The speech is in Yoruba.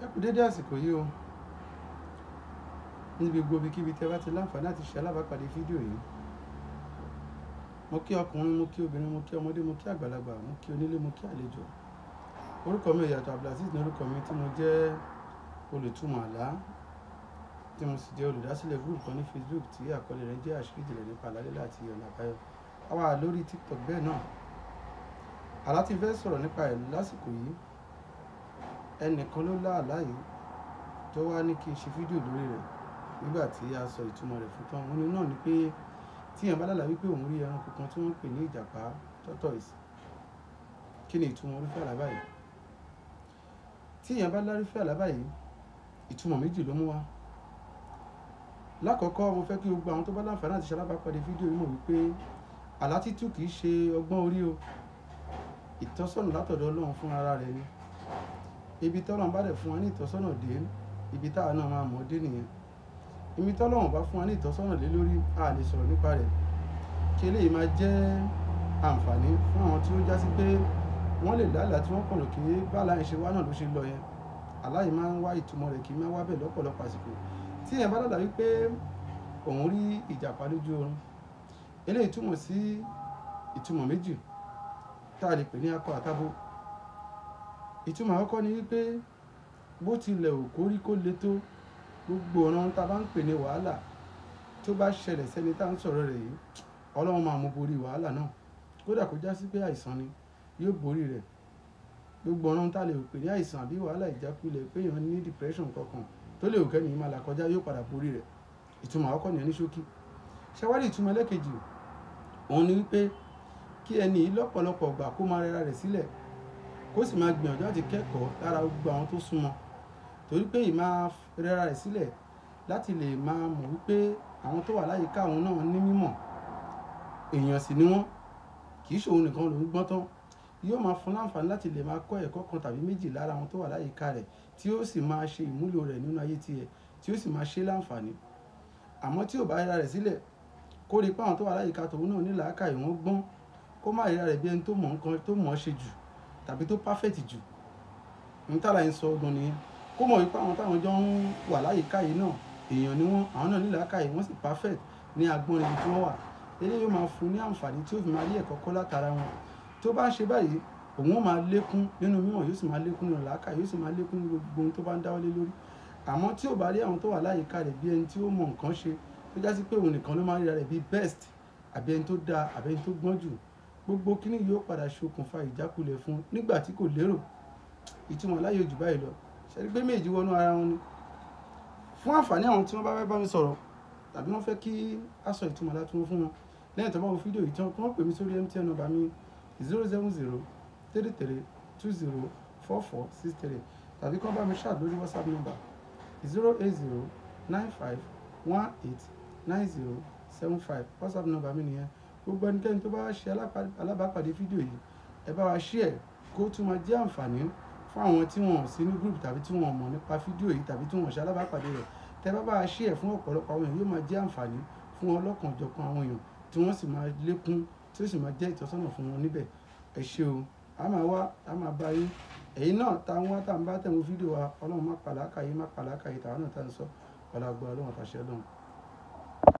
ẹ kú dédé àsìkò yìí o níbi gbogbo ibikíbi tẹ bá ti láǹfààní àti ṣe alábàápàdé fídíò yìí mo kí ọkùnrin mo kí obìnrin mo kí ọmọdé mo kí àgbàlagbà mo kí onílé mo kí àlejò orúkọ mi ìyàtọ̀ abdulaziz ní orúkọ mi tí mo jẹ́ olùtumọ̀ àlá tí mo sì jẹ́ olùdásílẹ̀ group kan ní facebook tí àkọlé rẹ̀ jẹ́ àṣírí ìjìnlẹ̀ nípa àlálélà àti ọ̀nà àbáyọ àwa lórí tiktok bẹ́ẹ̀ náà àlá ti fẹ́ sọ̀rọ̀ nípa ẹ̀ lásìkò yìí ẹnìkan ló lá àlá yìí tó wá ní kí n ṣe fídíò lórí rẹ̀ nígbà tí a sọ ìtumọ̀ rẹ̀ fún tán òun ni náà ni pé tí èèyàn bá lálàá wípé òun rí ẹranko kan tí wọ́n ń pè ní ìjàpá tortoise kí ni ìtumọ̀ irúfẹ́ àlá báyìí tí èèyàn bá lárúfẹ́ àlá báyìí ìtumọ̀ méjì ló mú wá lákọ̀ọ́kọ́ mo fẹ́ kí gbogbo àwọn tó bá láǹfààní àti ṣalábàápàdé fídíò yìí mọ̀ wípé àlá títú kì í ṣe ọgbọ́n orí o ìtọ́sọ́nà látọ̀dọ̀ Ọlọ́run fún ara rẹ̀ ni ibi tọ́lọ́run bá dẹ̀ fún wa ní ìtọ́sọ́nà dé ibi táwa náà máa mọ̀ dé nìyẹn ibi tọ́lọ́run bá fún wa ní ìtọ́sọ́nà lé lórí a lè sọ̀rọ̀ nípa rẹ̀ kí eléyìí máa jẹ́ àǹfààní fún àwọn tí ó já sí pé wọ́n lè lálàá tí wọ́n kàn rò kí bàlá ìṣe wa náà ló ṣe lọ yẹn aláì máa ń wá ìtumọ̀ rẹ̀ kì í máa wá bẹ̀ lọ́pọ̀lọpọ̀ àsìkò tí èèyàn bá dàgbà wípé òun rí ìjàpá lójú oorun eléyìí túmọ̀ sí ìtumọ̀ méjì tá a lè pè ní akọ àtabo ìtumọ̀ àkọ́kọ́ ni wípé bó tilẹ̀ ò kórí kó le tó gbogbo ọ̀nà tá a bá ń pè ní wàhálà tó bá ṣẹlẹ̀ sẹ́ni tá à ń sọ̀rọ̀ rẹ̀ yìí ọlọ́run máa mú borí wàhálà náà kódà kó já sí pé àìsàn ni yóò borí rẹ̀ gbogbo ọ̀nà tá a lè pè ní àìsàn àbí wàhálà ìjákulẹ̀ pé èèyàn ní depression kankan tó lè òkè ní ìmàlà kọjá yóò padà borí rẹ̀ ìtumọ̀ àkọ́kọ́ nìyẹn ní ṣókí ṣàwárí ìtumọ̀ ẹlẹ́kejì òun ni wípé kí ẹni lọ́pọ̀lọpọ̀ gbà kó máa rẹra rẹ̀ sílẹ̀ kó sì máa gbìyànjú láti kẹ́kọ̀ọ́ lára gbogbo àwọn tó súnmọ́ torí pé ìmá rẹra rẹ̀ sílẹ̀ láti lè máa mọ̀ wípé àwọn tó wà láyìíká òun náà ní mímọ̀ èèyàn sì ni wọ́n kì í ṣòun nìkan lòún gbọ́n tán yóò máa fún láǹfààní láti lè máa kọ́ ẹ̀kọ́ kan tàbí méjì lára àwọn tó wà láyìíká rẹ̀ tí ó sì máa ṣe ìmúlò rẹ̀ nínú ayé tiẹ̀ tí ó sì máa ṣe láǹfààní àmọ́ tí ò bá rẹra rẹ̀ sílẹ̀ kó rí pé àwọn tó wà láyìíká tòun náà ní làákàyè wọn gbọ́n kó má rẹra rẹ̀ bí ẹni tó mọ̀ nǹkan tó mọ̀ ọ́ ṣe jù tàbí tó perfect jù ohun tààlà yẹn sọ gan nìyẹn kó mọ̀ wípé àwọn táwọn jọ ń wà láyìíká yìí náà èèyàn ni wọ́n àwọn náà nílàáká yìí wọ́n sì perfect ní agbọ́n ibi tí wọ́n wà eléyìí máa fún ní àǹfààní tí ó fi máa rí ẹ̀kọ́ kọ́ látara wọn tó bá ń ṣe báyìí òun ó máa lékún nínú mímọ̀ yóò sì máa lékún nínú làákà yóò sì máa lékún nínú gbogbo ohun tó bá ń dáwọ́lé lórí àmọ́ tí ò bá rí àwọn tó wà láyìíká rẹ̀ bí ẹni tí ó mọ nǹkan ṣe tó já sí pé òun nìkan ló máa ríra rẹ̀ bí best àbí ẹni tó dáa àbí ẹni tó gbọ́n jù gbogbo kíní yóò padà ṣokùnfà ìjákulẹ̀ fún nígbà tí kò lérò ìtumọ̀ láyé jù báyìí lọ ṣẹ́rí gbé méjì wọnú ara wọn ni fún àǹfààní àwọn tí wọ́n bá fẹ́ bá mi sọ̀rọ̀ tàbí wọ́n fẹ́ kí a sọ ìtumọ̀ láti wọn fún wọn lẹ́yìn tó bá wo fídíò yìí tán kí wọ́n pè mí sórí MTN nọ́mbà mi zero seven zero three three two zero four four six three tàbí kí wọ́n bá mi ṣáà lórí WhatsApp nọ́mbà zero eight zero nine five one eight nine zero seven five WhatsApp nọ́mbà mi nìyẹn gbogbo ẹnikẹ́ni tó bá wá ṣe alábàápàdé fídíò yìí ẹ bá wa share kó tún máa jẹ́ àǹfààní fún àwọn tí wọn sí ní group tàbí tí wọn ò mọ̀ nípa fídíò yìí tàbí tí wọn ò ṣe alábàápàdé rẹ̀ tẹ bá bá wa share fún ọ̀pọ̀lọpọ̀ àwọn èèyàn yóò máa jẹ́ àǹfààní fún ọlọ́kan ọ̀jọ̀kan àwọn èèyàn tí wọ́n sì máa lékún tí ó sì máa jẹ́ ìtọ́sọ́nà fún wọn níbẹ̀ ẹ ṣé o a máa wá a máa bá yín èyí náà tá ń wá tá ń bá tẹ̀wọ́n fídíò wa ọlọ́run má pàlákà yìí má pàlákà yìí tàwọn náà tá ń sọ ọ̀làgbọ́ ọlọ́run àtàṣẹ ọlọ́run